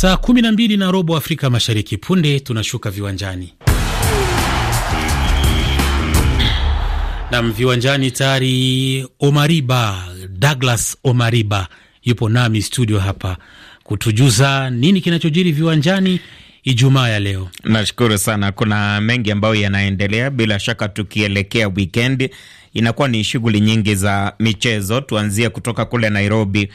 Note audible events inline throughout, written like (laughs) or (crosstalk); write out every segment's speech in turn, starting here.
Saa 12 na robo Afrika Mashariki. Punde tunashuka viwanjani nam viwanjani tayari. Omariba Douglas Omariba yupo nami studio hapa kutujuza nini kinachojiri viwanjani Ijumaa ya leo. Nashukuru sana, kuna mengi ambayo yanaendelea, bila shaka tukielekea wikendi inakuwa ni shughuli nyingi za michezo. Tuanzie kutoka kule Nairobi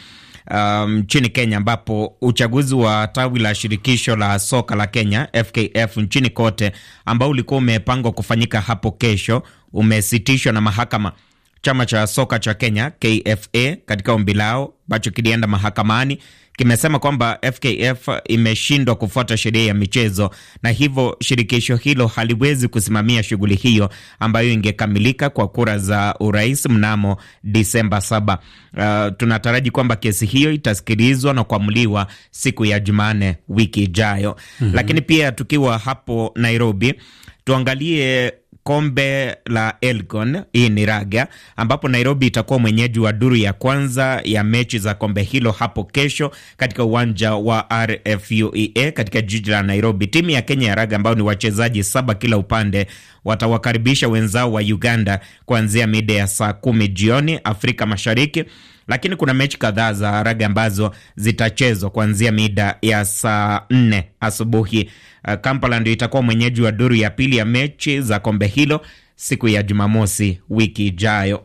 Um, nchini um, Kenya ambapo uchaguzi wa tawi la shirikisho la soka la Kenya FKF nchini kote ambao ulikuwa umepangwa kufanyika hapo kesho umesitishwa na mahakama. Chama cha soka cha Kenya KFA katika ombi lao ambacho kilienda mahakamani kimesema kwamba FKF imeshindwa kufuata sheria ya michezo na hivyo shirikisho hilo haliwezi kusimamia shughuli hiyo ambayo ingekamilika kwa kura za urais mnamo Disemba saba. Uh, tunataraji kwamba kesi hiyo itasikilizwa na kuamuliwa siku ya jumanne wiki ijayo. mm -hmm. Lakini pia tukiwa hapo Nairobi tuangalie kombe la Elgon, hii ni raga, ambapo Nairobi itakuwa mwenyeji wa duru ya kwanza ya mechi za kombe hilo hapo kesho katika uwanja wa RFUEA katika jiji la Nairobi. Timu ya Kenya ya raga ambao ni wachezaji saba kila upande watawakaribisha wenzao wa Uganda kuanzia mida ya saa kumi jioni Afrika Mashariki lakini kuna mechi kadhaa za raga ambazo zitachezwa kuanzia mida ya saa nne asubuhi. Eh, Kampala ndio itakuwa mwenyeji wa duru ya pili ya mechi za kombe hilo siku ya Jumamosi wiki ijayo.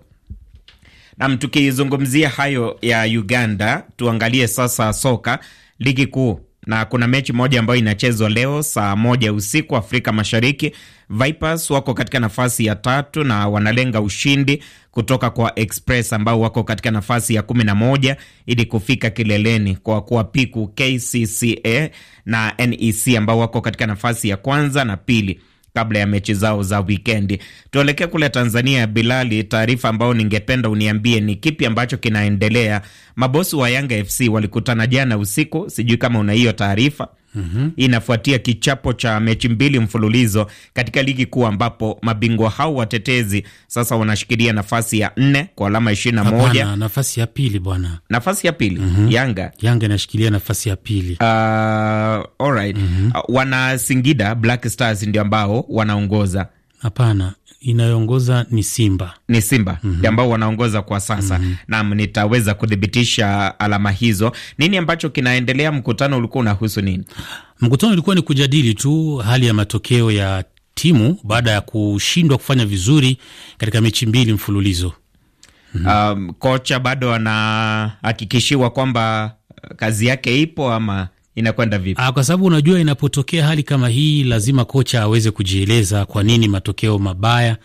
Nam, tukizungumzia hayo ya Uganda, tuangalie sasa soka ligi kuu na kuna mechi moja ambayo inachezwa leo saa moja usiku Afrika Mashariki. Vipers wako katika nafasi ya tatu na wanalenga ushindi kutoka kwa Express ambao wako katika nafasi ya kumi na moja ili kufika kileleni kwa kuwapiku KCCA na NEC ambao wako katika nafasi ya kwanza na pili kabla ya mechi zao za wikendi. Tuelekee kule Tanzania, Bilali, taarifa ambayo ningependa uniambie ni kipi ambacho kinaendelea. Mabosi wa Yanga FC walikutana jana usiku, sijui kama una hiyo taarifa mm -hmm. Inafuatia kichapo cha mechi mbili mfululizo katika ligi kuu ambapo mabingwa hao watetezi sasa wanashikilia nafasi ya nne kwa alama ishirini na moja. Nafasi ya pili bwana, nafasi ya pili mm -hmm. Yanga, Yanga inashikilia nafasi ya pili. Uh, alright mm -hmm. Uh, wana Singida Black Stars ndio ambao wanaongoza. Hapana, inayoongoza ni Simba, ni Simba mm -hmm. ambao wanaongoza kwa sasa mm -hmm. Naam, nitaweza kuthibitisha alama hizo. Nini ambacho kinaendelea? Mkutano ulikuwa unahusu nini? Mkutano ulikuwa ni kujadili tu hali ya matokeo ya timu baada ya kushindwa kufanya vizuri katika mechi mbili mfululizo. mm -hmm. Um, kocha bado anahakikishiwa kwamba kazi yake ipo ama inakwenda vipi? Aa, ah, kwa sababu unajua inapotokea hali kama hii lazima kocha aweze kujieleza kwa nini matokeo mabaya,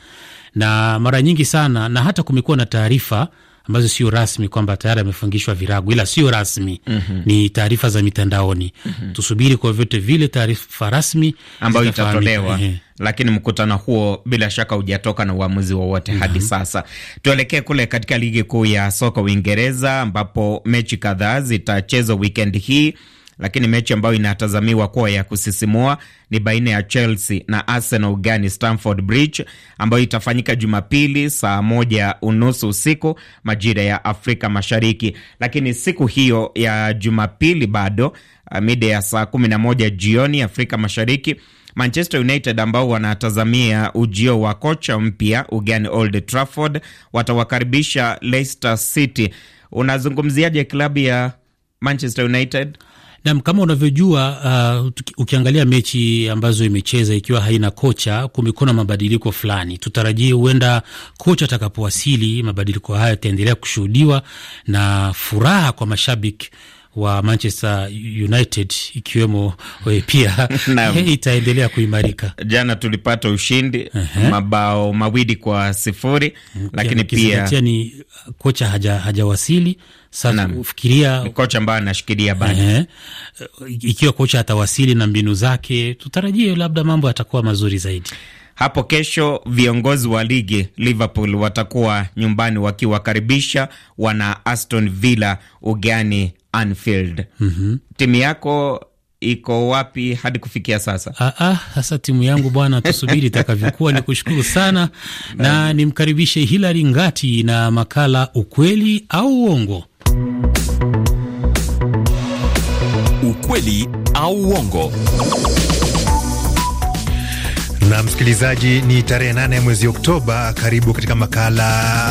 na mara nyingi sana na hata kumekuwa na taarifa ambazo sio rasmi kwamba tayari amefungishwa virago, ila sio rasmi mm -hmm. Ni taarifa za mitandaoni mm -hmm. Tusubiri kwa vyote vile taarifa rasmi ambayo itatolewa lakini mkutano huo bila shaka hujatoka na uamuzi wowote hadi mm -hmm. Sasa tuelekee kule katika ligi kuu ya soka Uingereza, ambapo mechi kadhaa zitachezwa wikendi hii lakini mechi ambayo inatazamiwa kuwa ya kusisimua ni baina ya Chelsea na Arsenal gani Stamford Bridge ambayo itafanyika Jumapili saa moja unusu usiku majira ya Afrika Mashariki. Lakini siku hiyo ya Jumapili bado eh, mida ya saa kumi na moja jioni Afrika Mashariki, Manchester United ambao wanatazamia ujio wa kocha mpya ugani Old Trafford watawakaribisha Leicester City. Unazungumziaje klabu ya Manchester United? Nam, kama unavyojua uh, ukiangalia mechi ambazo imecheza ikiwa haina kocha, kumekuwa na mabadiliko fulani. Tutarajie huenda kocha atakapowasili, mabadiliko haya yataendelea kushuhudiwa na furaha kwa mashabiki wa Manchester United ikiwemo eh, pia (laughs) (laughs) itaendelea kuimarika. Jana tulipata ushindi uh -huh. mabao mawili kwa sifuri uh lakini pia ni kocha haja hajawasili sasa ufikiria kocha ambaye anashikilia bado ikiwa kocha atawasili na mbinu zake, tutarajie labda mambo yatakuwa mazuri zaidi. Hapo kesho viongozi wa ligi Liverpool watakuwa nyumbani wakiwakaribisha wana Aston Villa ugani Anfield. mm -hmm. Timu yako iko wapi hadi kufikia sasa? Aa, ah, ah, sasa timu yangu bwana, tusubiri itakavyokuwa. (laughs) Ni kushukuru sana na nimkaribishe Hilary Ngati na makala ukweli au uongo. Ukweli au uongo na msikilizaji, ni tarehe nane ya mwezi Oktoba. Karibu katika makala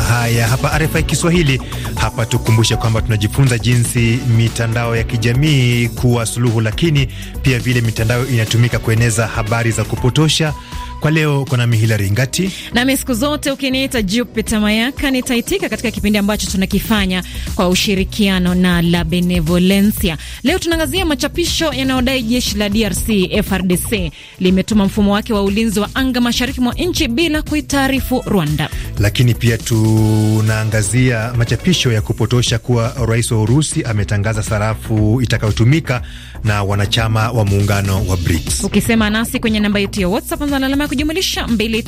haya hapa RFI Kiswahili. Hapa tukumbushe kwamba tunajifunza jinsi mitandao ya kijamii kuwa suluhu, lakini pia vile mitandao inatumika kueneza habari za kupotosha kwa leo nami mihilari ngati nami, siku zote ukiniita Jupiter Mayaka nitaitika, katika kipindi ambacho tunakifanya kwa ushirikiano na La Benevolencia. Leo tunaangazia machapisho yanayodai jeshi la DRC FRDC limetuma mfumo wake wa ulinzi wa anga mashariki mwa nchi bila kuitaarifu Rwanda, lakini pia tunaangazia machapisho ya kupotosha kuwa rais wa Urusi ametangaza sarafu itakayotumika na wanachama wa muungano wa BRICS. Ukisema nasi kwenye namba yetu ya WhatsApp kujumulisha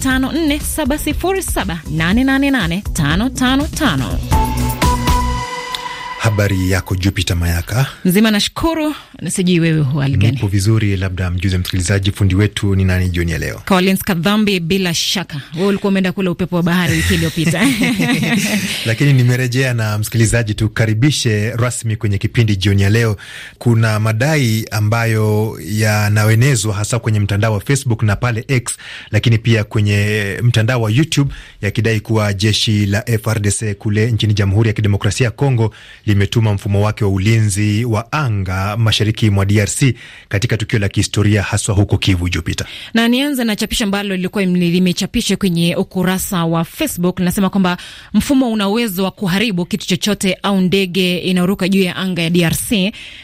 254707888555. Habari yako Jupiter Mayaka? Mzima, nashukuru. Sijui wewe hali gani? Nipo vizuri, labda mjuze msikilizaji fundi wetu ni nani jioni ya leo. Collins Kadhambi, bila shaka wewe ulikuwa umeenda kula upepo wa bahari wiki iliyopita (laughs) (laughs) lakini nimerejea. Na msikilizaji, tukaribishe rasmi kwenye kipindi jioni ya leo. Kuna madai ambayo yanawenezwa hasa kwenye mtandao wa Facebook na pale X, lakini pia kwenye mtandao wa YouTube yakidai kuwa jeshi la FRDC kule nchini Jamhuri ya Kidemokrasia ya Kongo imetuma mfumo wake wa ulinzi wa anga mashariki mwa DRC katika tukio la kihistoria haswa huko Kivu. Jupita, na nianze na chapisho ambalo lilikuwa limechapishwa kwenye ukurasa wa Facebook, linasema kwamba mfumo una uwezo wa kuharibu kitu chochote au ndege inayoruka juu ya anga ya DRC,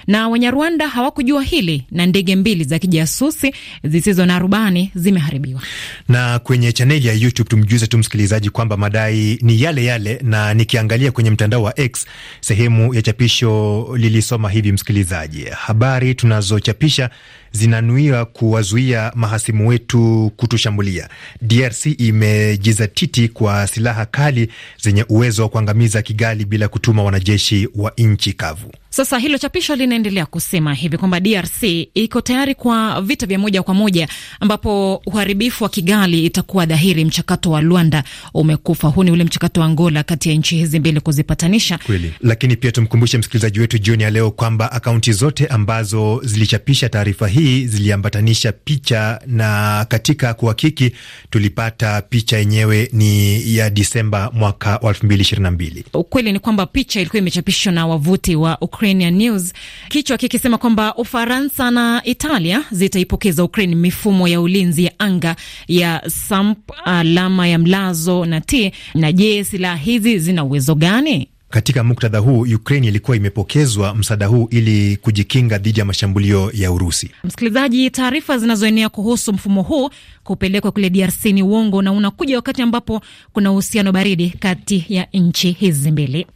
na Wanyarwanda hawakujua hili, na ndege mbili za kijasusi zisizo na rubani zimeharibiwa. Na kwenye chaneli ya YouTube tumjuze tu msikilizaji kwamba madai ni yale yale, na nikiangalia kwenye mtandao wa X sehemu sehemu ya chapisho lilisoma hivi, msikilizaji, habari tunazochapisha zinanuia kuwazuia mahasimu wetu kutushambulia. DRC imejizatiti kwa silaha kali zenye uwezo wa kuangamiza Kigali bila kutuma wanajeshi wa nchi kavu. Sasa hilo chapisho linaendelea kusema hivi kwamba DRC iko tayari kwa vita vya moja kwa moja, ambapo uharibifu wa Kigali itakuwa dhahiri. Mchakato wa Luanda umekufa. Huu ni ule mchakato wa Angola kati ya nchi hizi mbili kuzipatanisha kweli. Lakini pia tumkumbushe msikilizaji wetu jioni ya leo kwamba akaunti zote ambazo zilichapisha taarifa hii hii ziliambatanisha picha, na katika kuhakiki tulipata picha yenyewe ni ya Disemba mwaka 2022. Ukweli ni kwamba picha ilikuwa imechapishwa na wavuti wa Ukrainian News, kichwa kikisema kwamba Ufaransa na Italia zitaipokeza Ukraine mifumo ya ulinzi ya anga ya SAMP alama ya mlazo na T. Na je, silaha hizi zina uwezo gani? Katika muktadha huu ukraini ilikuwa imepokezwa msaada huu ili kujikinga dhidi ya mashambulio ya Urusi. Msikilizaji, taarifa zinazoenea kuhusu mfumo huu kupelekwa kule DRC ni uongo na unakuja wakati ambapo kuna uhusiano baridi kati ya nchi hizi mbili.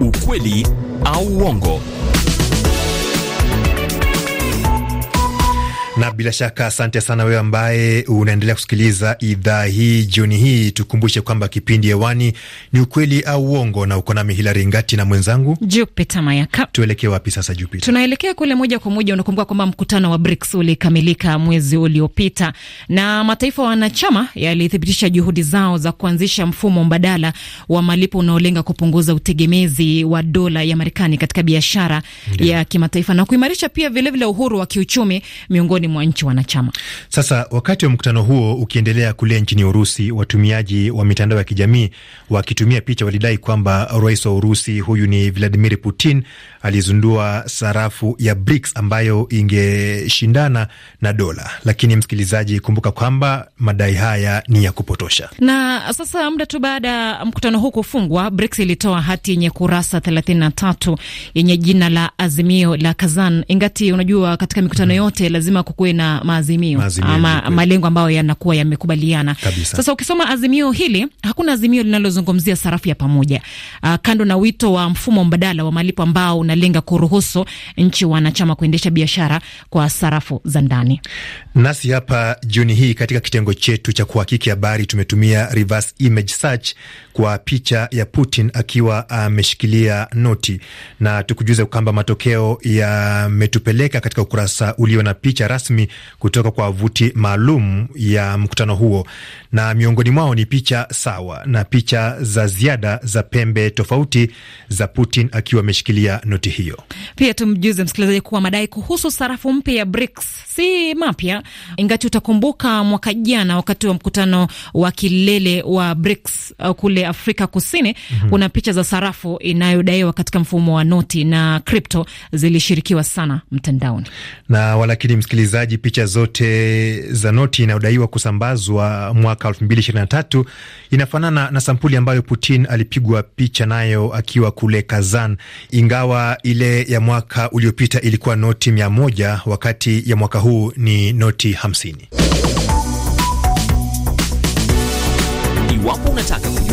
Ukweli au uongo? na bila shaka asante sana wewe ambaye unaendelea kusikiliza idhaa hii jioni hii. Tukumbushe kwamba kipindi hewani ni ukweli au uongo, na uko nami Hilari Ngati na mwenzangu Jupita Mayaka. Tuelekee wapi sasa Jupita? Tunaelekea kule moja kwa moja. Unakumbuka kwamba mkutano wa BRICS ulikamilika mwezi uliopita na mataifa wanachama yalithibitisha juhudi zao za kuanzisha mfumo mbadala wa malipo unaolenga kupunguza utegemezi wa dola ya Marekani katika biashara ya kimataifa na kuimarisha pia vilevile vile uhuru wa kiuchumi miongoni miongoni mwa nchi wanachama. Sasa wakati wa mkutano huo ukiendelea kule nchini Urusi, watumiaji wa mitandao ya kijamii wakitumia picha walidai kwamba rais wa Urusi huyu ni Vladimir Putin alizindua sarafu ya BRICS ambayo ingeshindana na dola. Lakini msikilizaji, kumbuka kwamba madai haya ni ya kupotosha. Na sasa muda tu baada ya mkutano huu kufungwa, BRICS ilitoa hati yenye kurasa 33 yenye jina la azimio la Kazan. Ingati unajua katika mikutano mm. yote lazima kuwe na maazimio, ama malengo ambayo yanakuwa yamekubaliana Sasa ukisoma azimio hili, hakuna azimio linalozungumzia sarafu ya pamoja uh, kando na wito wa mfumo mbadala wa malipo ambao unalenga kuruhusu nchi wanachama kuendesha biashara kwa sarafu za ndani. Nasi hapa jioni hii katika kitengo chetu cha kuhakiki habari tumetumia reverse image search kwa picha ya Putin akiwa ameshikilia uh, noti na tukujuze kwamba matokeo yametupeleka katika ukurasa ulio na picha rasmi rasmi kutoka kwa wavuti maalum ya mkutano huo, na miongoni mwao ni picha sawa na picha za ziada za pembe tofauti za Putin akiwa ameshikilia noti hiyo. Pia tumjuze msikilizaji kuwa madai kuhusu sarafu mpya ya BRICS si mapya, ingati utakumbuka mwaka jana wakati wa mkutano wa kilele wa BRICS uh, kule Afrika Kusini mm -hmm. kuna picha za sarafu inayodaiwa katika mfumo wa noti na kripto zilishirikiwa sana mtandaoni na walakini msikilizaji msikilizaji, picha zote za noti inayodaiwa kusambazwa mwaka 2023 inafanana na sampuli ambayo Putin alipigwa picha nayo akiwa kule Kazan, ingawa ile ya mwaka uliopita ilikuwa noti 100 wakati ya mwaka huu ni noti 50. Iwapo unataka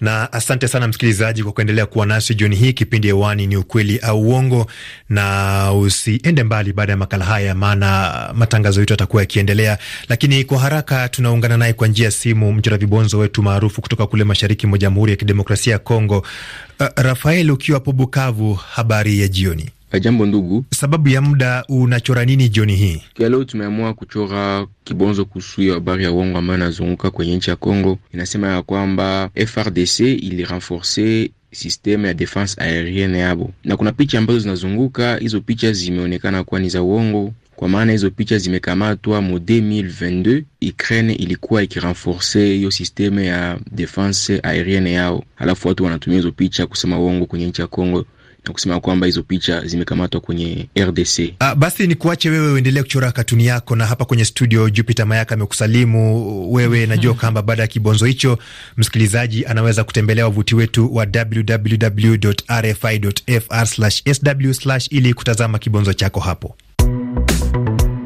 Na asante sana msikilizaji kwa kuendelea kuwa nasi jioni hii. Kipindi hewani ni ukweli au uongo, na usiende mbali baada ya makala haya, maana matangazo yetu yatakuwa yakiendelea. Lakini kwa haraka tunaungana naye kwa njia ya simu mchora vibonzo wetu maarufu kutoka kule mashariki mwa Jamhuri ya Kidemokrasia ya Kongo. Uh, Rafael, ukiwa hapo Bukavu, habari ya jioni? Eh, jambo ndugu. Sababu ya muda, unachora nini jioni hii? Kwa leo tumeamua kuchora kibonzo kuhusu ya habari ya uongo ambayo inazunguka kwenye nchi ya Kongo. Inasema ya kwamba FRDC ilirenforce renforce systeme ya defense aerienne yabo, na kuna picha ambazo zinazunguka. Hizo picha zimeonekana kuwa ni za uongo, kwa maana hizo picha zimekamatwa mu 2022 Ukraine ilikuwa ikirenforce hiyo systeme ya defense aerienne yao, alafu watu wanatumia hizo picha kusema uongo kwenye nchi ya Kongo na kusema kwamba hizo picha zimekamatwa kwenye RDC. Ah, basi ni kuache wewe uendelee kuchora katuni yako, na hapa kwenye studio Jupiter Mayaka amekusalimu wewe. Mm-hmm. Najua kwamba baada ya kibonzo hicho, msikilizaji anaweza kutembelea wavuti wetu wa www.rfi.fr/sw ili kutazama kibonzo chako hapo.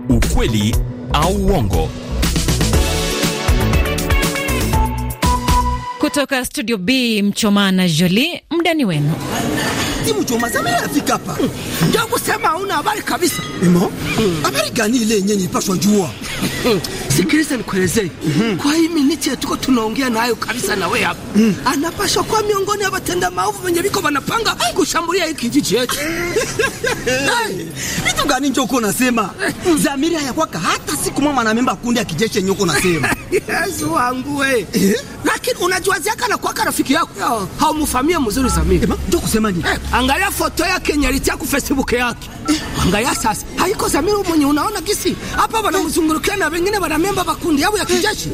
Ukweli au uongo Kutoka studio B, Mchoma na Jolie, mdani wenu Mchoma sema afika hapa ndio kusema una habari kabisa. Imo habari gani ile yenyewe nilipaswa jua? Sikiliza nikuelezee, mhm. kwa hii minute ya tuko tunaongea nayo kabisa na wewe hapa, mhm. anapaswa kwa miongoni abatenda maovu wenye viko wanapanga kushambulia hiki kijiji chetu. (laughs) Vitu gani njo uko nasema? Zamiri hayakwaka hata siku mama na memba kundi ya kijeshi yenye nasema. (laughs) Yesu wangu wewe. Eh? Lakini unajua zaka na kwaka rafiki yako haumfahamia mzuri Samia. Eh, ndio kusema nini? Eh, angalia foto yake nyariti ku Facebook yake eh, angalia sasa, haiko Samiru mwenye unaona kisi hapa wanamzungurukia na wengine memba bakundi yao ya kijeshi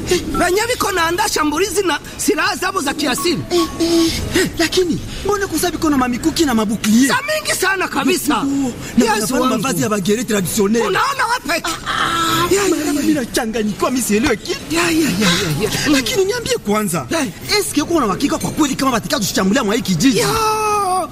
wenye viko anda shambulizi na silaha zabo za kiasili eh, eh, lakini mbona kusa viko na mamikuki na mabuklie sa mingi sana kabisa Na yesu wangu mavazi ya bagere traditionnel unaona ah, ah, ya, ya, wapi mimi nachanganyikiwa mimi sielewe kitu lakini niambie kwanza eske uko na hakika kwa kweli kama watakaje kushambulia mwa hii kijiji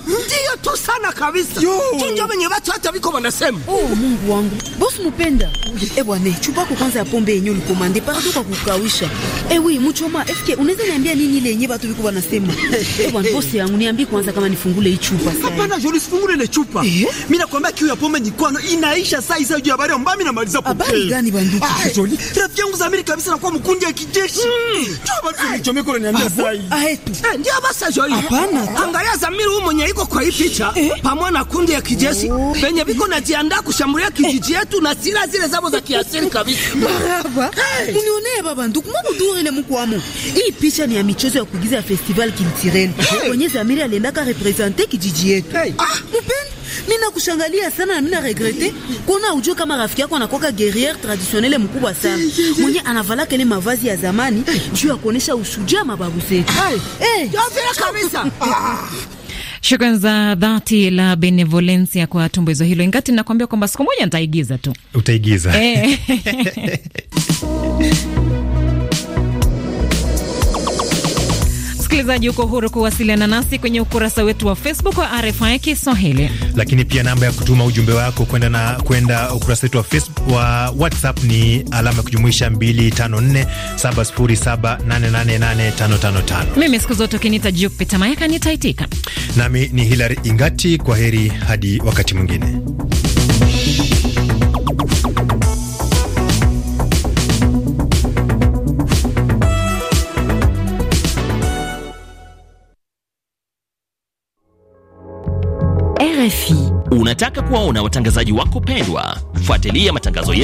ndiyo tu sana kabisa. Tunjo wenye watu hata viko wanasema. Oh, Mungu wangu. Boss Mupenda. e bwana, chupa yako kwanza ya pombe yenyu ulikomande para toka kukawisha. Eh, wewe mchoma FK unaweza niambia nini ile yenye watu viko wanasema? (laughs) E bwana boss yangu niambie kwanza kama nifungule hii chupa sasa. Hapana, je, usifungule ile chupa. Mimi eh? nakwambia kiu ya pombe ni kwano inaisha saa hizo juu ya bari mbaya mimi namaliza pombe. Habari gani banduki? Ah, joli. Rafiki yangu Zamiri kabisa nakuwa mkundi ya kijeshi. Mm. Chupa ah, ah, ah, basi nichomeko niambia sasa. Ah, ndio basi joli. Hapana. Angalia Zamiri huyu mwenye viko kwa hii picha eh? pamoja na kundi ya kijeshi penye oh. viko najiandaa kushambulia kijiji yetu na sila zile zabo za kiasili kabisa. Maraba, hey. Munionee baba nduku mwa muduri ile mko amu. Hii picha ni ya michezo ya kuigiza ya festival Kintireni. Hey. Kwenye Zamiri aliendaka representer kijiji yetu. Hey. Ah, mupeni mina kushangalia sana na mina regrete kona ujue kama rafiki yako anakoka guerrier traditionnel mkubwa sana mwenye anavala kile mavazi ya zamani juu ya kuonesha ushujaa mababu zetu. Hey. Hey. Yo, kabisa. (laughs) Shukran za dhati la Benevolencia kwa hizo hilo, ingati nakuambia kwamba siku moja nitaigiza tu. Utaigiza? Eh. (laughs) Msikilizaji, uko huru kuwasiliana nasi kwenye ukurasa wetu wa Facebook wa RFI Kiswahili, lakini pia namba ya kutuma ujumbe wako kwenda na kwenda ukurasa wetu wa Facebook wa WhatsApp ni alama ya kujumuisha 254707888555. Mimi siku zote ukiniita Jupita Mayaka nitaitika. Nami ni Hilary Ingati, kwa heri hadi wakati mwingine. RFI. Unataka kuwaona watangazaji wako pendwa? Fuatilia matangazo yetu